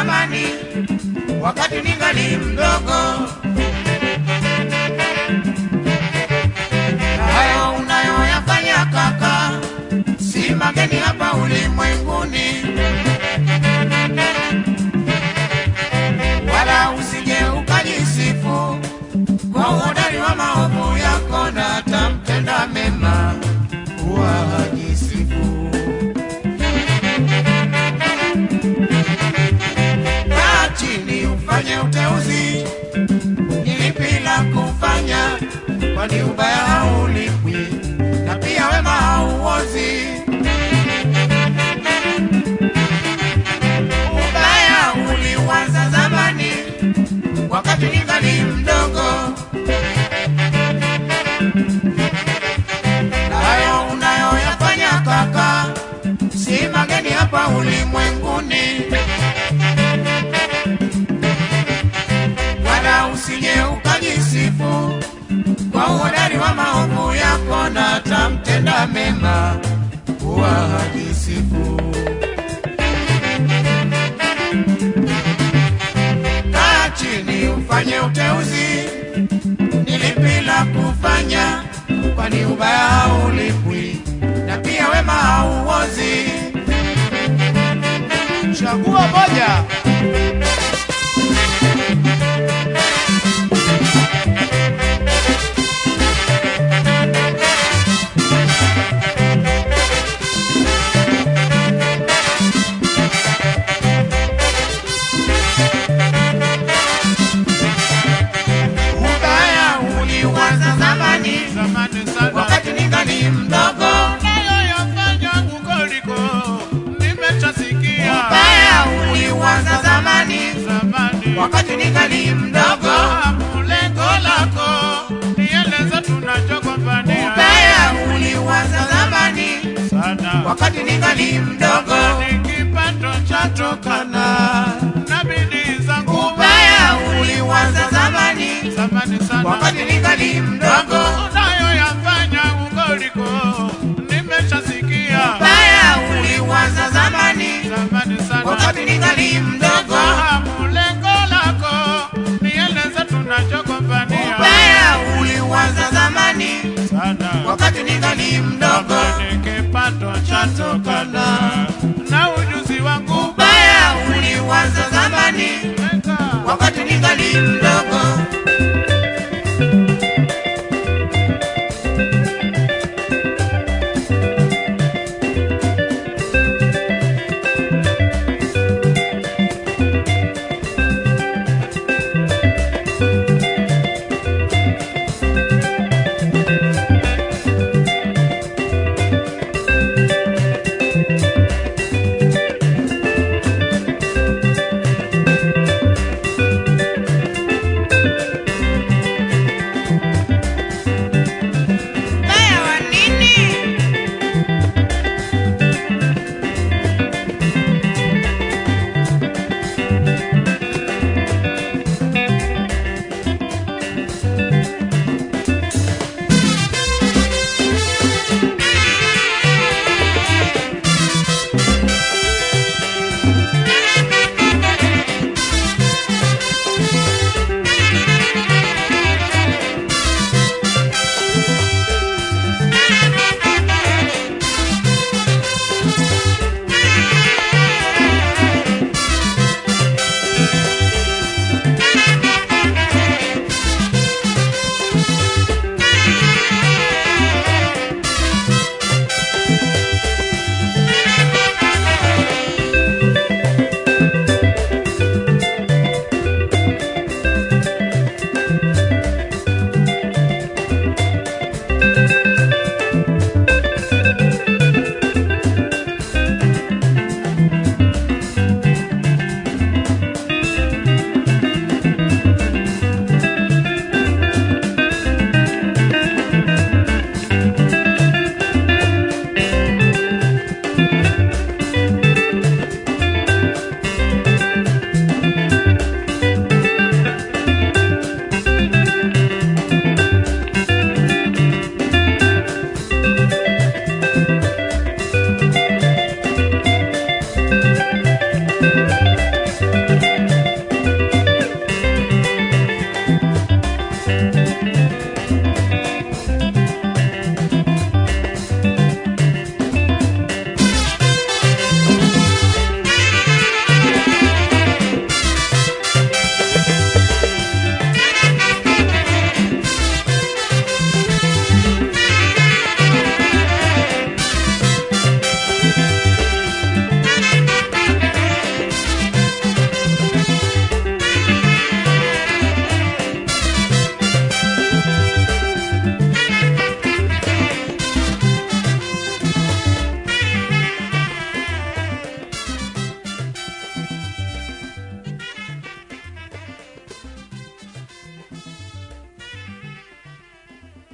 amani wakati ningali mdogo. Hayo unayoyafanya kaka, si mageni hapa kutenda mema waadisifu. Kaa chini ufanye uteuzi, nilipila kufanya, kwani ubaya ulipwi na pia wema hauozi. ningali mdogo, lako nieleza tunachogombania. Ubaya uliwaza zamani sana, wakati ningali mdogo, nikipato chatokana na bidii zangu. Ubaya uliwaza zamani zamani sana, wakati ningali mdogo dream